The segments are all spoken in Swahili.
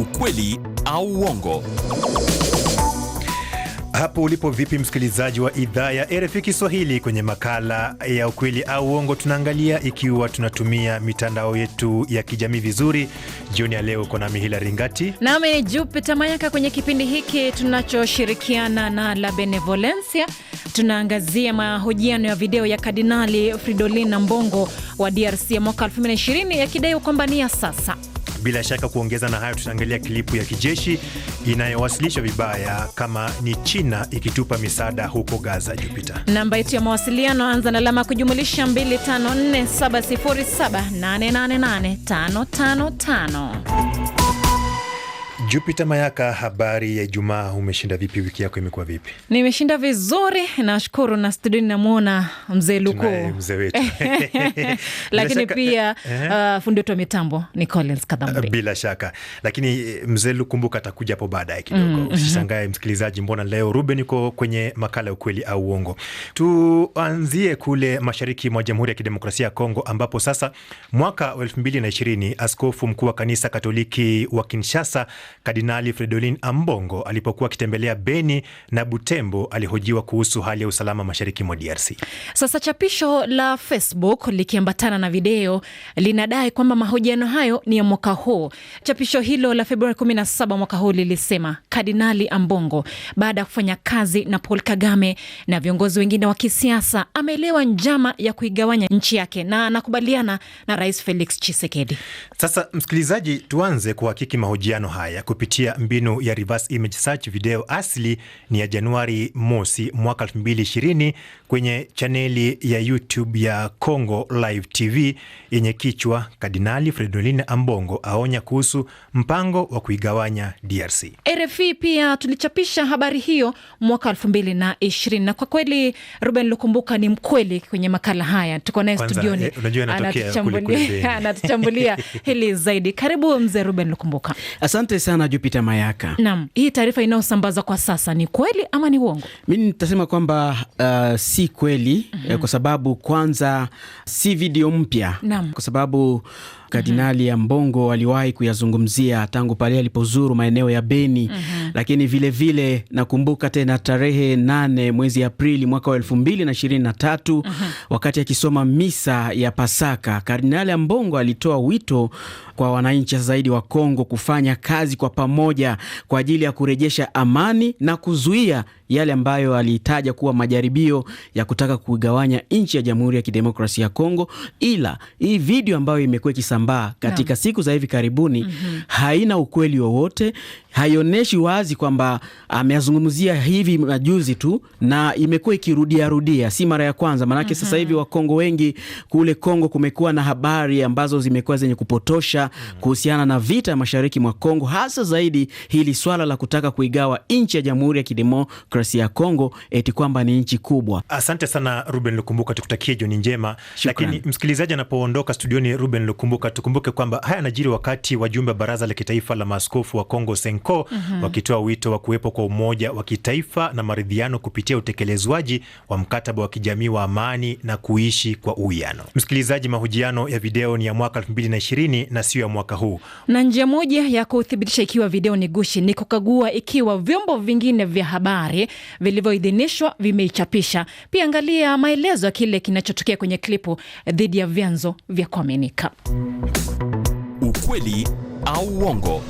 Ukweli au uongo. Hapo ulipo vipi, msikilizaji wa idhaa ya RFI Kiswahili? Kwenye makala ya ukweli au uongo, tunaangalia ikiwa tunatumia mitandao yetu ya kijamii vizuri. Jioni ya leo uko nami ringati Ngati nami Jupita Mayaka. Kwenye kipindi hiki tunachoshirikiana na La Benevolencia, tunaangazia mahojiano ya video ya Kardinali Fridolin Ambongo wa DRC ya mwaka 2020 yakidai kwamba ni ya sasa bila shaka kuongeza na hayo, tutaangalia klipu ya kijeshi inayowasilishwa vibaya kama ni China ikitupa misaada huko Gaza. Jupita, namba yetu ya mawasiliano anza na alama kujumulisha 254707888555 Jupiter Mayaka, habari ya Ijumaa. Umeshinda vipi? Wiki yako imekuwa vipi? Nimeshinda vizuri, nashukuru. Na studio namwona mzee Luko, mzee wetu lakini pia eh? uh, fundi wetu wa mitambo ni Collins Kadhambe, eh, bila shaka. Lakini eh, mzee kumbuka atakuja hapo baadaye kidogo. mm -hmm. Usishangae msikilizaji, mbona leo Ruben yuko kwenye makala ya ukweli au uongo. Tuanzie kule mashariki mwa Jamhuri ya Kidemokrasia ya Kongo, ambapo sasa mwaka wa elfu mbili na ishirini askofu mkuu wa kanisa Katoliki wa Kinshasa Kardinali Fridolin Ambongo alipokuwa akitembelea Beni na Butembo alihojiwa kuhusu hali ya usalama mashariki mwa DRC. Sasa chapisho la Facebook likiambatana na video linadai kwamba mahojiano hayo ni ya mwaka huu. Chapisho hilo la Februari 17 mwaka huu lilisema Kardinali Ambongo baada ya kufanya kazi na Paul Kagame na viongozi wengine wa kisiasa ameelewa njama ya kuigawanya nchi yake na anakubaliana na Rais Felix Tshisekedi. Sasa msikilizaji, tuanze kuhakiki mahojiano haya kupitia mbinu ya reverse image search. Video asili ni ya Januari mosi mwaka 2020 kwenye chaneli ya YouTube ya Congo Live TV yenye kichwa Kardinali Fridolin Ambongo aonya kuhusu mpango wa kuigawanya DRC. RFI pia tulichapisha habari hiyo mwaka 2020 na kwa kweli Ruben Lukumbuka ni mkweli kwenye makala haya, tuko naye studioni eh, anatuchambulia hili zaidi. Karibu mzee Ruben Lukumbuka. Asante sana sana Jupita Mayaka. Naam, hii taarifa inayosambaza kwa sasa ni kweli ama ni uongo? Mi nitasema kwamba uh, si kweli mm -hmm. kwa sababu kwanza si video mpya kwa sababu mhm. Kardinali ya Mbongo aliwahi kuyazungumzia tangu pale alipozuru maeneo ya Beni. mm -hmm. Lakini vilevile vile, nakumbuka tena tarehe nane mwezi Aprili mwaka wa elfu mbili na ishirini na tatu mm -hmm. wakati akisoma misa ya Pasaka, Kardinali ya Mbongo alitoa wito kwa wananchi zaidi wa Kongo kufanya kazi kwa pamoja kwa ajili ya kurejesha amani na kuzuia yale ambayo alitaja kuwa majaribio ya kutaka kugawanya nchi ya Jamhuri ya Kidemokrasia ya Kongo. Ila hii video ambayo imekuwa ikisambaa katika yeah, siku za hivi karibuni mm -hmm. haina ukweli wowote, haionyeshi wazi kwamba ameyazungumzia hivi majuzi tu, na imekuwa ikirudiarudia, si mara ya kwanza maanake. mm -hmm. Sasa mhm. hivi Wakongo wengi kule Kongo kumekuwa na habari ambazo zimekuwa zenye kupotosha Mm-hmm. kuhusiana na vita ya mashariki mwa Kongo, hasa zaidi hili swala la kutaka kuigawa nchi ya Jamhuri ya Kidemokrasia ya Kongo eti kwamba ni nchi kubwa. Asante sana Ruben Lukumbuka, tukutakie jioni njema. Shukran. Lakini msikilizaji anapoondoka studioni, Ruben Lukumbuka, tukumbuke kwamba haya yanajiri wakati wajumbe wa Baraza la Kitaifa la Maaskofu wa Kongo Senko mm -hmm. wakitoa wito wa kuwepo kwa umoja wa kitaifa na maridhiano kupitia utekelezwaji wa mkataba wa kijamii wa amani na kuishi kwa uwiano. Msikilizaji, mahojiano ya video ni ya mwaka 2020 na sio ya mwaka huu. Na njia moja ya kuthibitisha ikiwa video ni gushi ni kukagua ikiwa vyombo vingine vya habari vilivyoidhinishwa vimeichapisha. Pia angalia maelezo ya kile kinachotokea kwenye klipu dhidi ya vyanzo vya kuaminika. Ukweli au uongo.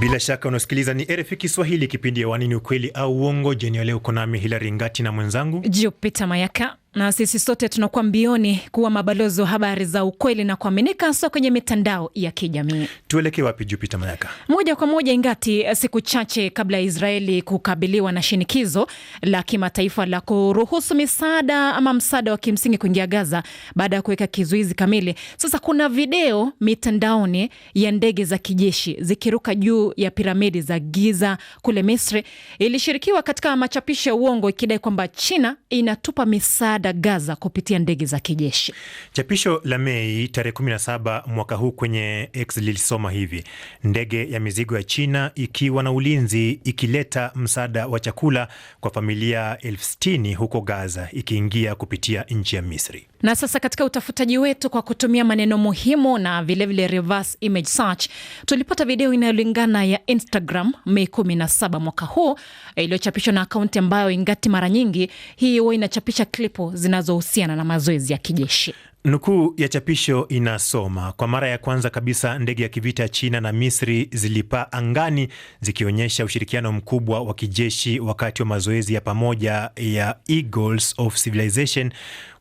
Bila shaka unasikiliza ni RFI Kiswahili, kipindi ya Wanini, ukweli au uongo. Jeni leo uko nami Hilari Ngati na mwenzangu Jupita Mayaka. Na sisi sote tunakuwa mbioni kuwa mabalozi wa habari za ukweli na kuaminika, hasa kwenye mitandao ya kijamii. Tuelekee wapi, Jupita Mayaka? Moja kwa moja, ingati eh, siku chache kabla ya Israeli kukabiliwa na shinikizo la kimataifa la kuruhusu misaada ama msaada wa kimsingi kuingia Gaza baada ya kuweka kizuizi kamili. Sasa kuna video mitandaoni ya ndege za kijeshi zikiruka juu ya piramidi za Giza kule Misri, ilishirikiwa katika machapisho ya uongo ikidai kwamba China inatupa misaada msaada Gaza kupitia ndege za kijeshi. Chapisho la Mei tarehe 17 mwaka huu kwenye X lilisoma hivi: ndege ya mizigo ya China ikiwa na ulinzi ikileta msaada wa chakula kwa familia elfu sitini huko Gaza ikiingia kupitia nchi ya Misri. Na sasa katika utafutaji wetu kwa kutumia maneno muhimu na vilevile reverse image search, tulipata video inayolingana ya Instagram Mei 17 mwaka huu eh, iliyochapishwa na akaunti ambayo ingati mara nyingi hii huwa inachapisha klipu zinazohusiana na mazoezi ya kijeshi. Nukuu ya chapisho inasoma: kwa mara ya kwanza kabisa ndege ya kivita China na Misri zilipaa angani zikionyesha ushirikiano mkubwa wa kijeshi wakati wa mazoezi ya pamoja ya Eagles of Civilization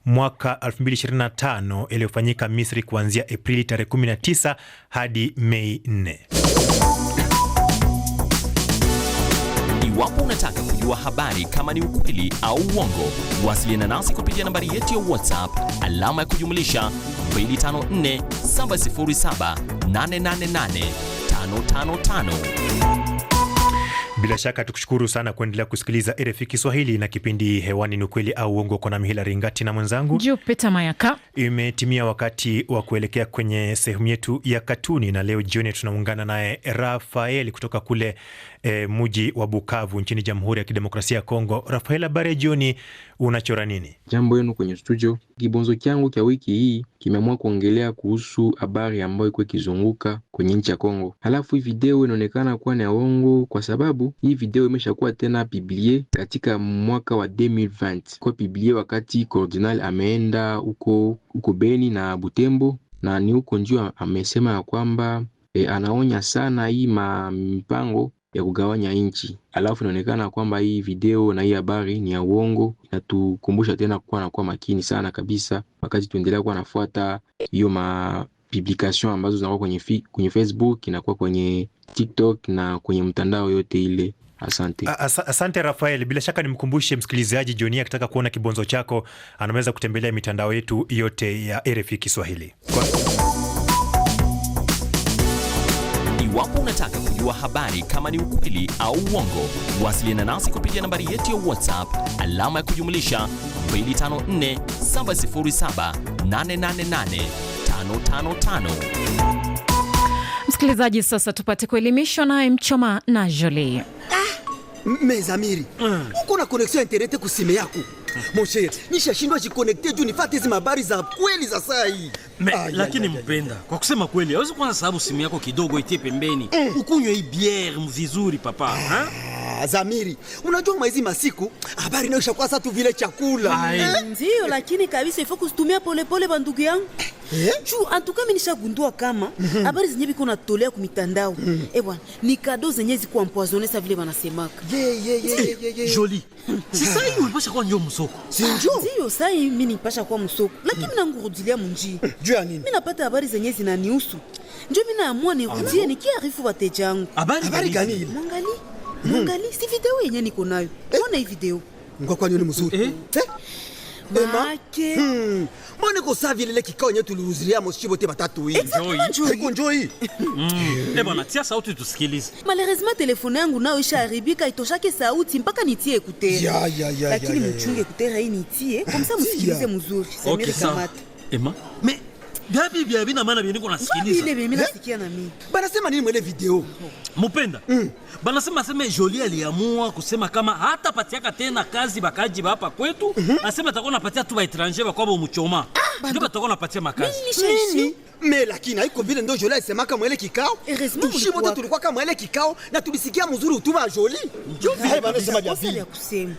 mwaka 2025 yaliyofanyika Misri kuanzia Aprili tarehe 19 hadi Mei 4. Iwapo unataka kujua habari kama ni ukweli au uongo, wasiliana nasi kupitia nambari yetu ya WhatsApp alama ya kujumlisha 254 Bila shaka tukushukuru sana kuendelea kusikiliza RFI Kiswahili na kipindi hewani ni ukweli au uongo. Kwa nami Hilari Ngati na mwenzangu Jupita Mayaka. Imetimia wakati wa kuelekea kwenye sehemu yetu ya katuni, na leo jioni tunaungana naye Rafael kutoka kule e, mji wa Bukavu nchini Jamhuri ya Kidemokrasia ya Kongo. Rafael, habari ya jioni, unachora nini? Jambo yenu kwenye studio. Kibonzo changu kya wiki hii kimeamua kuongelea kuhusu habari ambayo iko ikizunguka kwenye nchi ya Kongo, halafu hii video inaonekana kuwa ni ya uongo kwa sababu hii video imeshakuwa tena publie katika mwaka wa 2020 kwa publie wakati Cardinal ameenda huko huko Beni na Butembo, na ni huko ndio amesema ya kwamba e, anaonya sana hii mipango ya kugawanya nchi, alafu inaonekana kwamba hii video na hii habari ni ya uongo. Inatukumbusha tena kuwa na kuwa makini sana kabisa, wakati tuendelea kuwa nafuata hiyo publication ambazo zinakuwa kwenye, kwenye Facebook inakuwa kwenye TikTok na kwenye mtandao yote ile. Asante. Asante Rafael, bila shaka nimkumbushe msikilizaji joni akitaka kuona kibonzo chako anaweza kutembelea mitandao yetu yote ya RFI Kiswahili kwa... Iwapo unataka kujua habari kama ni ukweli au uongo, wasiliana nasi kupitia nambari yetu ya WhatsApp alama ya kujumlisha 254 Msikilizaji, sasa tupate kuelimishwa naye Mchoma na Jolie. Ah, mezamiri ah. uko na koneksio ya interneti kusime yako Monsher, nishashindwa jikonekte juu nifate hizi mabari za kweli za saa hii. Lakini mpenda, kwa kusema kweli, hawezi kwanza sababu simu yako kidogo itie pembeni, eh. ukunywe hii biere mvizuri papa, ha? Zamiri, unajua mwezi masiku habari naisha kwa sasa tu vile chakula eh? Ndio, lakini kabisa ifo kusitumia polepole bandugu yangu eh? Juu antuka mimi nishagundua kama mhm. habari zenye biko natolea ku mitandao mhm. eh bwana, ni kado zenye ziko empoisonné sa vile wanasemaka. Yeah, yeah, yeah, yeah, yeah. Jolie. Si sasa hivi ulipasha kwa njoo msoko. Si njoo. Ndio, sasa hivi mimi nipasha kwa msoko. Lakini mimi nangurudilia munji. Mhm. Juu ya nini? Mimi napata habari zenye zinanihusu. Njoo mimi naamua nirudie nikiarifu wateja wangu. Habari gani? Mwangalie. Mwangalie mm. si video yenyewe niko nayo. Ona hii video. Ngwa ni mzuri. Eh? Eh? Eh, Make. Hmm. Mbona kikao yenyewe tulihudhuria msichi bote batatu Iko njoo hii. Mm. tia sauti tusikilize. Malheureusement telefone yangu nao ishaharibika itoshake sauti mpaka nitie ekutere. Ya ya Lakini mchunge ekutere hii nitie, kama msikilize mzuri. Okay, sawa. Ema. Mais Gapi vya vina maana vya niko nasikiliza. Vile vya mimi nasikia na mimi. Eh? Banasema nini mwele video? Mupenda. Mm. Banasema sema Jolie aliamua kusema kama hata patiaka tena kazi bakaji ba hapa kwetu, mm -hmm. Asema atakuwa anapatia tu ba étranger ba kwa muchoma. Ah, ndio atakuwa anapatia makazi. Nini? Me lakini haiko vile ndio Jolie alisema kama mwele kikao. Tushi wote tulikuwa kama mwele kikao na tulisikia mzuri utuba wa Jolie. Ndio vile banasema vya vile.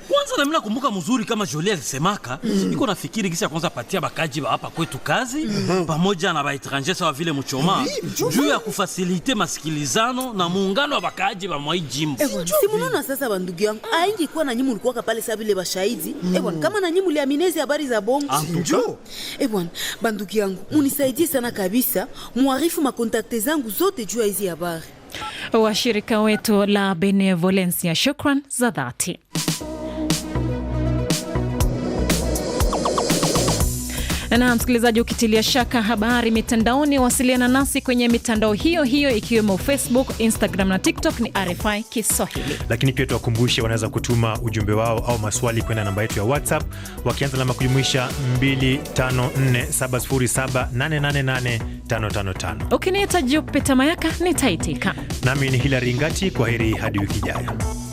Kwanza na mimi nakumbuka mzuri kama Jolie alisemaka, mhm. niko nafikiri kisha kwanza patia bakaji ba hapa kwetu kazi. Mm -hmm pamoja na baetranje sawa vile mchoma juu ya kufasilite masikilizano na muungano wa bakaaji ba mwai jimbo. Eh, si munaona sasa, bandugu yangu, mm. aingi kuwa na nyimu ulikuwa kapale sawa vile bashahidi ebwana, eh, mm. kama na nyimu liaminezi habari za bongo ah, ebwana. Eh, bandugu yangu, mm. munisaidie sana kabisa, muarifu makontakte zangu zote juu ya hizi habari. Washirika wetu la benevolencia, shukran za dhati. Na msikilizaji, ukitilia shaka habari mitandaoni, wasiliana nasi kwenye mitandao hiyo hiyo ikiwemo Facebook, Instagram na TikTok ni RFI Kiswahili. Lakini pia tuwakumbushe, wanaweza kutuma ujumbe wao au maswali kwenda namba yetu ya WhatsApp wakianza alama kujumuisha 254707888555. Ukiniita Jupita Mayaka nitaitika, nami ni Hilari Ngati. Kwa heri hadi wiki ijayo.